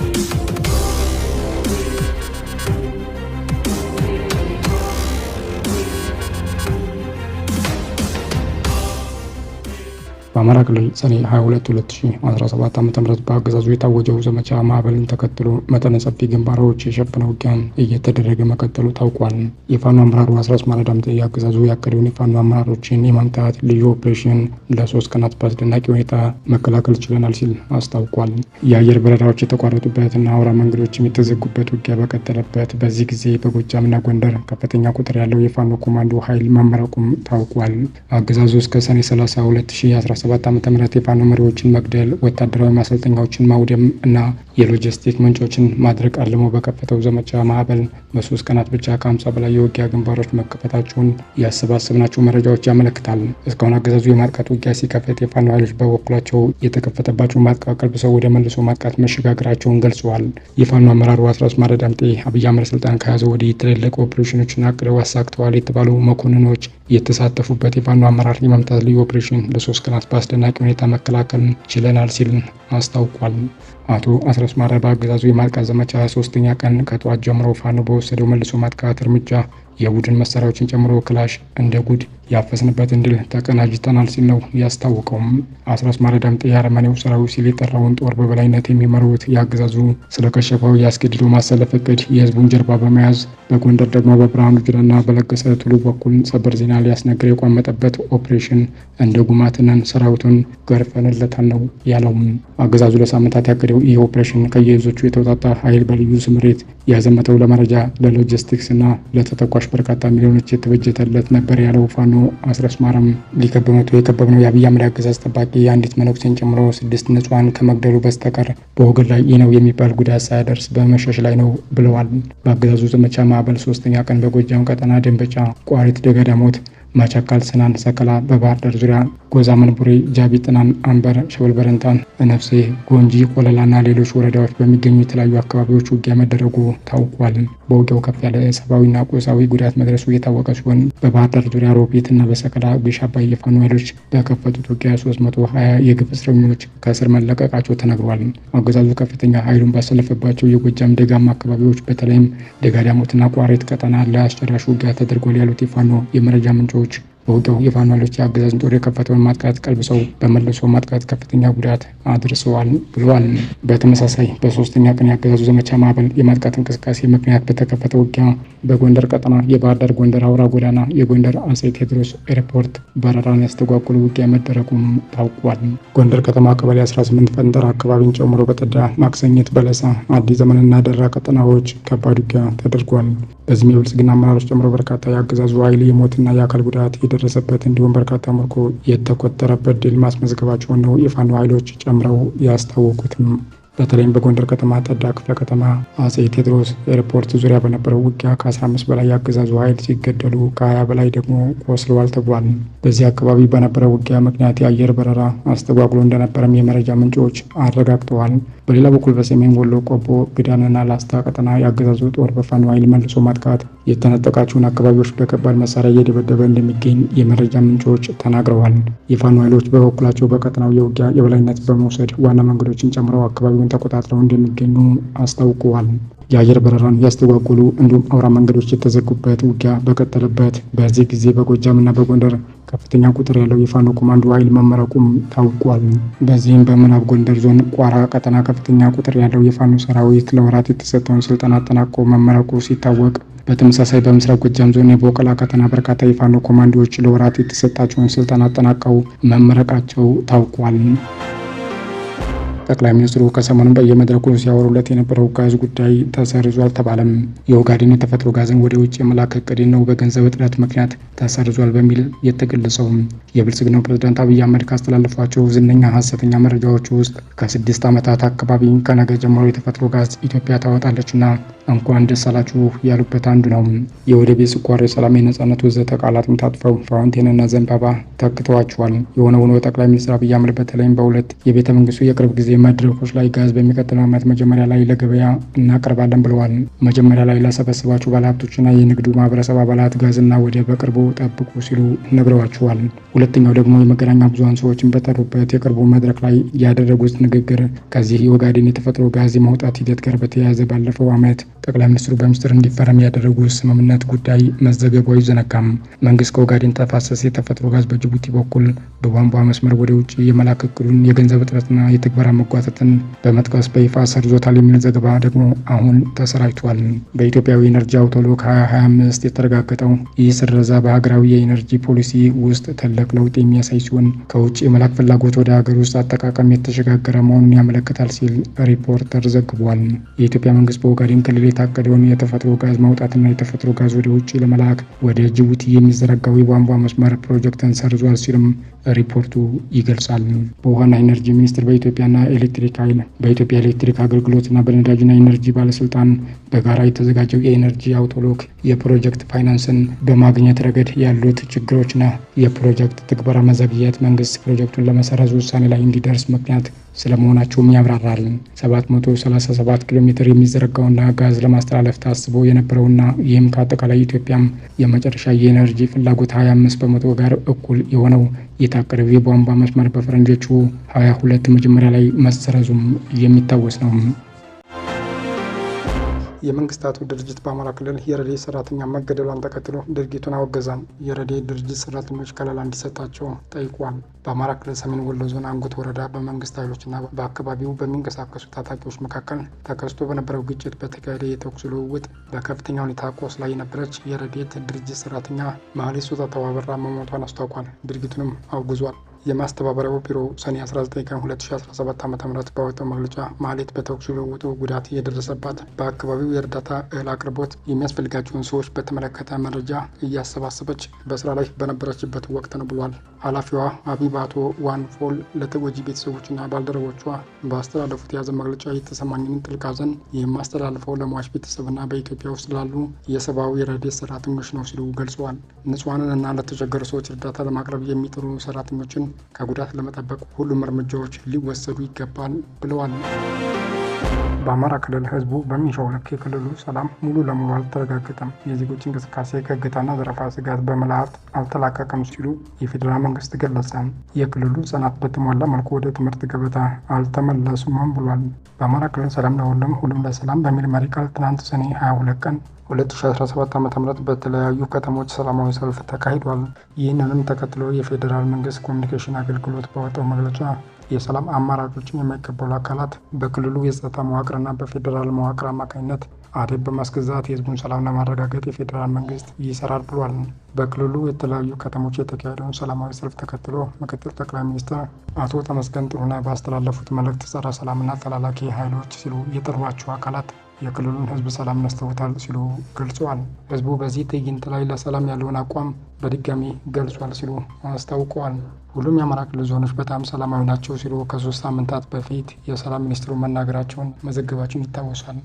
you. በአማራ ክልል ሰኔ 22 2017 ዓ ም በአገዛዙ የታወጀው ዘመቻ ማዕበልን ተከትሎ መጠነ ሰፊ ግንባሮች የሸፈነ ውጊያን እየተደረገ መቀጠሉ ታውቋል። የፋኖ አመራሩ አስረስ ማረዳምጤ የአገዛዙ ያቀደውን የፋኖ አመራሮችን የማምጣት ልዩ ኦፕሬሽን ለሶስት ቀናት በአስደናቂ ሁኔታ መከላከል ችለናል ሲል አስታውቋል። የአየር በረራዎች የተቋረጡበትና አውራ መንገዶች የተዘጉበት ውጊያ በቀጠለበት በዚህ ጊዜ በጎጃምና ጎንደር ከፍተኛ ቁጥር ያለው የፋኖ ኮማንዶ ኃይል መመረቁም ታውቋል። አገዛዙ እስከ ሰኔ 30 2017 ዓ ም የፋኖ መሪዎችን መግደል፣ ወታደራዊ ማሰልጠኛዎችን ማውደም እና የሎጂስቲክ ምንጮችን ማድረግ አልሞ በከፈተው ዘመቻ ማዕበል በሶስት ቀናት ብቻ ከ50 በላይ የውጊያ ግንባሮች መከፈታቸውን ያሰባሰብናቸው መረጃዎች ያመለክታል። እስካሁን አገዛዙ የማጥቃት ውጊያ ሲከፈት፣ የፋኖ ኃይሎች በበኩላቸው የተከፈተባቸው ማጥቃት ሰው ወደ መልሶ ማጥቃት መሸጋገራቸውን ገልጸዋል። የፋኖ አመራሩ አስራስ ማረዳምጤ አብይ አህመድ ስልጣን ከያዘ ወዲህ ትልልቅ ኦፕሬሽኖችን አቅደው አሳክተዋል የተባሉ መኮንኖች የተሳተፉበት የፋኖ አመራር የመምታት ልዩ ኦፕሬሽን ለሶስት ቀናት በአስደናቂ ሁኔታ መከላከል ችለናል ሲል አስታውቋል። አቶ አስረስ ማረ በአገዛዙ የማጥቃት ዘመቻ 23ኛ ቀን ከጠዋት ጀምሮ ፋኖ በወሰደው መልሶ ማጥቃት እርምጃ የቡድን መሳሪያዎችን ጨምሮ ክላሽ እንደ ጉድ ያፈስንበትን ድል ተቀናጅተናል ሲል ነው ያስታወቀውም። አስረስ ማረዳምጤ የአረመኔው ሰራዊት ሲል የጠራውን ጦር በበላይነት የሚመሩት ያገዛዙ ስለከሸፈው ያስገድዶ ማሰለፍ እቅድ የህዝቡን ጀርባ በመያዝ በጎንደር ደግሞ በብርሃኑ ጁላና በለገሰ ቱሉ በኩል ሰበር ዜና ሊያስነግር የቋመጠበት ኦፕሬሽን እንደ ጉማትነን ሰራዊቱን ገርፈንለታል ነው ያለውም። አገዛዙ ለሳምንታት ያቀደው ይህ ኦፕሬሽን ከየዞቹ የተውጣጣ ኃይል በልዩ ስምሬት ያዘመተው ለመረጃ ለሎጂስቲክስ እና ለተተኳሽ በርካታ ሚሊዮኖች የተበጀተለት ነበር ያለው ፋኖ አስረስ ማረም የከበብ ነው የአብይ አህመድ አገዛዝ ጠባቂ አንዲት መነኩሴን ጨምሮ ስድስት ንጹሐን ከመግደሉ በስተቀር በወገን ላይ ይህ ነው የሚባል ጉዳት ሳያደርስ በመሸሽ ላይ ነው ብለዋል። በአገዛዙ ዘመቻ ማዕበል ሶስተኛ ቀን በጎጃም ቀጠና ደንበጫ ቋሪት ደገዳሞት ማቻካል፣ ስናን፣ ሰከላ፣ በባህር ዳር ዙሪያ ጎዛመን፣ ቡሬ፣ ጃቢ፣ ጥናን፣ አንበር፣ ሸበል በረንታን፣ እነፍሴ፣ ጎንጂ፣ ቆለላና ሌሎች ወረዳዎች በሚገኙ የተለያዩ አካባቢዎች ውጊያ መደረጉ ታውቋል። በውጊያው ከፍ ያለ ሰብአዊና ቁሳዊ ጉዳት መድረሱ የታወቀ ሲሆን በባህር ዳር ዙሪያ ሮቤት እና በሰከላ ቤሻባ የፋኑ የፋኖ ኃይሎች በከፈቱት ውጊያ 320 የግፍ እስረኞች ከእስር መለቀቃቸው ተነግሯል። አገዛዙ ከፍተኛ ኃይሉን ባሰለፈባቸው የጎጃም ደጋማ አካባቢዎች በተለይም ደጋዳሞትና ዳሞትና ቋሪት ቀጠና ለአስጨራሽ ውጊያ ተደርጓል ያሉት የፋኖ የመረጃ ምንጮች ኃይሎች በውጊያው የፋኖ ኃይሎች የአገዛዝን ጦር የከፈተውን ማጥቃት ቀልብሰው በመለሶ ማጥቃት ከፍተኛ ጉዳት አድርሰዋል ብለዋል። በተመሳሳይ በሶስተኛ ቀን የአገዛዙ ዘመቻ ማዕበል የማጥቃት እንቅስቃሴ ምክንያት በተከፈተ ውጊያ በጎንደር ቀጠና የባህር ዳር ጎንደር አውራ ጎዳና የጎንደር አጼ ቴዎድሮስ ኤርፖርት በረራን ያስተጓጉሉ ውጊያ መደረጉም ታውቋል። ጎንደር ከተማ ቀበሌ 18 ፈንጠር አካባቢን ጨምሮ በጠዳ ማክሰኘት፣ በለሳ፣ አዲስ ዘመንና ደራ ቀጠናዎች ከባድ ውጊያ ተደርጓል። በዚህም የብልጽግና አመራሮች ጨምሮ በርካታ የአገዛዙ ኃይል የሞትና የአካል ጉዳት የደረሰበት እንዲሁም በርካታ ምርኮ የተቆጠረበት ድል ማስመዝገባቸውን ነው የፋኖ ኃይሎች ጨምረው ያስታወቁትም። በተለይም በጎንደር ከተማ ጠዳ ክፍለ ከተማ አጼ ቴዎድሮስ ኤርፖርት ዙሪያ በነበረው ውጊያ ከ15 በላይ የአገዛዙ ኃይል ሲገደሉ ከ20 በላይ ደግሞ ቆስለዋል ተብሏል። በዚህ አካባቢ በነበረው ውጊያ ምክንያት የአየር በረራ አስተጓጉሎ እንደነበረም የመረጃ ምንጮች አረጋግጠዋል። በሌላ በኩል በሰሜን ወሎ ቆቦ፣ ግዳንና ላስታ ቀጠና የአገዛዙ ጦር በፋኖ ኃይል መልሶ ማጥቃት የተነጠቃቸውን አካባቢዎች በከባድ መሳሪያ እየደበደበ እንደሚገኝ የመረጃ ምንጮች ተናግረዋል። የፋኖ ኃይሎች በበኩላቸው በቀጠናው የውጊያ የበላይነት በመውሰድ ዋና መንገዶችን ጨምረው አካባቢውን ተቆጣጥረው እንደሚገኙ አስታውቀዋል። የአየር በረራን ያስተጓጎሉ እንዲሁም አውራ መንገዶች የተዘጉበት ውጊያ በቀጠለበት በዚህ ጊዜ በጎጃምና በጎንደር ከፍተኛ ቁጥር ያለው የፋኖ ኮማንዶ ኃይል መመረቁም ታውቋል። በዚህም በምዕራብ ጎንደር ዞን ቋራ ቀጠና ከፍተኛ ቁጥር ያለው የፋኖ ሰራዊት ለወራት የተሰጠውን ስልጠና አጠናቆ መመረቁ ሲታወቅ፣ በተመሳሳይ በምስራቅ ጎጃም ዞን የቦቀላ ቀጠና በርካታ የፋኖ ኮማንዶዎች ለወራት የተሰጣቸውን ስልጠና አጠናቀው መመረቃቸው ታውቋል። ጠቅላይ ሚኒስትሩ ከሰሞኑን በየመድረኩ ሲያወሩለት የነበረው ጋዝ ጉዳይ ተሰርዞ አልተባለም። የኦጋዴን የተፈጥሮ ጋዝን ወደ ውጭ የመላክ እቅድ ነው በገንዘብ እጥረት ምክንያት ተሰርዟል በሚል የተገለጸው የብልጽግናው ፕሬዝዳንት አብይ አህመድ ካስተላለፏቸው ዝነኛ ሀሰተኛ መረጃዎች ውስጥ ከስድስት ዓመታት አካባቢ ከነገ ጀምሮ የተፈጥሮ ጋዝ ኢትዮጵያ ታወጣለችና እንኳን ደስ አላችሁ ያሉበት አንዱ ነው። የወደብ ስኳር የሰላም፣ የነጻነት ወዘተ ቃላትም ታጥፈው ፋውንቴንና ዘንባባ ተክተዋቸዋል። የሆነ ሆኖ ጠቅላይ ሚኒስትር አብይ አህመድ በተለይም በሁለት የቤተ መንግስቱ የቅርብ ጊዜ መድረኮች ላይ ጋዝ በሚቀጥለው ዓመት መጀመሪያ ላይ ለገበያ እናቀርባለን ብለዋል። መጀመሪያ ላይ ላሰበሰባችሁ ባለሀብቶችና የንግዱ ማህበረሰብ አባላት ጋዝና ወደ በቅርቡ ጠብቁ ሲሉ ነግረዋቸዋል። ሁለተኛው ደግሞ የመገናኛ ብዙሀን ሰዎችን በጠሩበት የቅርቡ መድረክ ላይ ያደረጉት ንግግር ከዚህ የኦጋዴን የተፈጥሮ ጋዝ የማውጣት ሂደት ጋር በተያያዘ ባለፈው ዓመት ጠቅላይ ሚኒስትሩ በሚኒስትር እንዲፈረም ያደረጉ ስምምነት ጉዳይ መዘገቡ አይዘነጋም። መንግስት ከኦጋዴን ተፋሰስ የተፈጥሮ ጋዝ በጅቡቲ በኩል በቧንቧ መስመር ወደ ውጭ የመላክ እቅዱን የገንዘብ እጥረትና የትግበራ መጓተትን በመጥቀስ በይፋ ሰርዞታል የሚል ዘገባ ደግሞ አሁን ተሰራጭቷል። በኢትዮጵያዊ ኤነርጂ አውቶሎክ 2025 የተረጋገጠው ይህ ስረዛ በሀገራዊ የኤነርጂ ፖሊሲ ውስጥ ትልቅ ለውጥ የሚያሳይ ሲሆን ከውጭ የመላክ ፍላጎት ወደ ሀገር ውስጥ አጠቃቀም የተሸጋገረ መሆኑን ያመለክታል ሲል ሪፖርተር ዘግቧል። የኢትዮጵያ መንግስት በኦጋዴን ክልል የታቀደውን የተፈጥሮ ጋዝ ማውጣትና የተፈጥሮ ጋዝ ወደ ውጭ ለመላክ ወደ ጅቡቲ የሚዘረጋው የቧንቧ መስመር ፕሮጀክትን ሰርዟል ሲልም ሪፖርቱ ይገልጻል። በውሃና ኢነርጂ ሚኒስቴር በኢትዮጵያና ኤሌክትሪክ ኃይል በኢትዮጵያ ኤሌክትሪክ አገልግሎትና በነዳጅና ኢነርጂ ባለስልጣን በጋራ የተዘጋጀው የኤነርጂ አውቶሎክ የፕሮጀክት ፋይናንስን በማግኘት ረገድ ያሉት ችግሮችና የፕሮጀክት ትግበራ መዘግየት መንግስት ፕሮጀክቱን ለመሰረዝ ውሳኔ ላይ እንዲደርስ ምክንያት ስለመሆናቸውም ያብራራልን። 737 ኪሎ ሜትር የሚዘረጋውና ጋዝ ለማስተላለፍ ታስቦ የነበረውና ይህም ከአጠቃላይ ኢትዮጵያም የመጨረሻ የኤነርጂ ፍላጎት 25 በመቶ ጋር እኩል የሆነው የታቀደው የቧንቧ መስመር በፈረንጆቹ 22 መጀመሪያ ላይ መሰረዙም የሚታወስ ነው። የመንግስታቱ ድርጅት በአማራ ክልል የረድኤት ሰራተኛ መገደሏን ተከትሎ ድርጊቱን አወገዛም። የረድኤት ድርጅት ሰራተኞች ከለላ እንዲሰጣቸው ጠይቋል። በአማራ ክልል ሰሜን ወሎ ዞን አንጎት ወረዳ በመንግስት ኃይሎችና በአካባቢው በሚንቀሳቀሱ ታጣቂዎች መካከል ተከስቶ በነበረው ግጭት በተካሄደ የተኩስ ልውውጥ በከፍተኛ ሁኔታ ላይ የነበረች የረድኤት ድርጅት ሰራተኛ መሀሌት ሶጣተው መሞቷን አስታውቋል። ድርጊቱንም አውግዟል። የማስተባበሪያው ቢሮ ሰኔ 19 ቀን 2017 ዓ ም ባወጣው መግለጫ ማሌት በተኩስ ልውውጡ ጉዳት የደረሰባት በአካባቢው የእርዳታ እህል አቅርቦት የሚያስፈልጋቸውን ሰዎች በተመለከተ መረጃ እያሰባሰበች በስራ ላይ በነበረችበት ወቅት ነው ብሏል። ኃላፊዋ አቢባቶ ዋን ፎል ለተጎጂ ቤተሰቦችና ባልደረቦቿ በአስተላለፉት የያዘ መግለጫ የተሰማኝን ጥልቅ ሐዘን የማስተላልፈው ለሟች ቤተሰብና በኢትዮጵያ ውስጥ ላሉ የሰብአዊ ረድኤት ሰራተኞች ነው ሲሉ ገልጸዋል። ንጹሐንንና ለተቸገሩ ሰዎች እርዳታ ለማቅረብ የሚጥሩ ሰራተኞችን ከጉዳት ለመጠበቅ ሁሉም እርምጃዎች ሊወሰዱ ይገባል ብለዋል። በአማራ ክልል ህዝቡ በሚሻው ልክ የክልሉ ሰላም ሙሉ ለሙሉ አልተረጋገጠም፣ የዜጎች እንቅስቃሴ ከእገታና ዘረፋ ስጋት በመላእክት አልተላቀቀም ሲሉ የፌዴራል መንግስት ገለጸ። የክልሉ ህጻናት በተሟላ መልኩ ወደ ትምህርት ገበታ አልተመለሱም ብሏል። በአማራ ክልል ሰላም ለሁሉም ሁሉም ለሰላም በሚል መሪ ቃል ትናንት ሰኔ 22 ቀን 2017 ዓ.ም በተለያዩ ከተሞች ሰላማዊ ሰልፍ ተካሂዷል። ይህንንም ተከትሎ የፌዴራል መንግስት ኮሚኒኬሽን አገልግሎት ባወጣው መግለጫ የሰላም አማራጮችን የማይቀበሉ አካላት በክልሉ የጸጥታ መዋቅርና በፌዴራል መዋቅር አማካኝነት አደብ በማስገዛት የህዝቡን ሰላም ለማረጋገጥ የፌዴራል መንግስት ይሰራል ብሏል። በክልሉ የተለያዩ ከተሞች የተካሄደውን ሰላማዊ ሰልፍ ተከትሎ ምክትል ጠቅላይ ሚኒስትር አቶ ተመስገን ጥሩነህ ባስተላለፉት መልእክት ጸረ ሰላምና ተላላኪ ኃይሎች ሲሉ የጠሯቸው አካላት የክልሉን ህዝብ ሰላም ነስተውታል ሲሉ ገልጸዋል። ህዝቡ በዚህ ትዕይንት ላይ ለሰላም ያለውን አቋም በድጋሚ ገልጿል ሲሉ አስታውቀዋል። ሁሉም የአማራ ክልል ዞኖች በጣም ሰላማዊ ናቸው ሲሉ ከሶስት ሳምንታት በፊት የሰላም ሚኒስትሩ መናገራቸውን መዘገባችን ይታወሳል።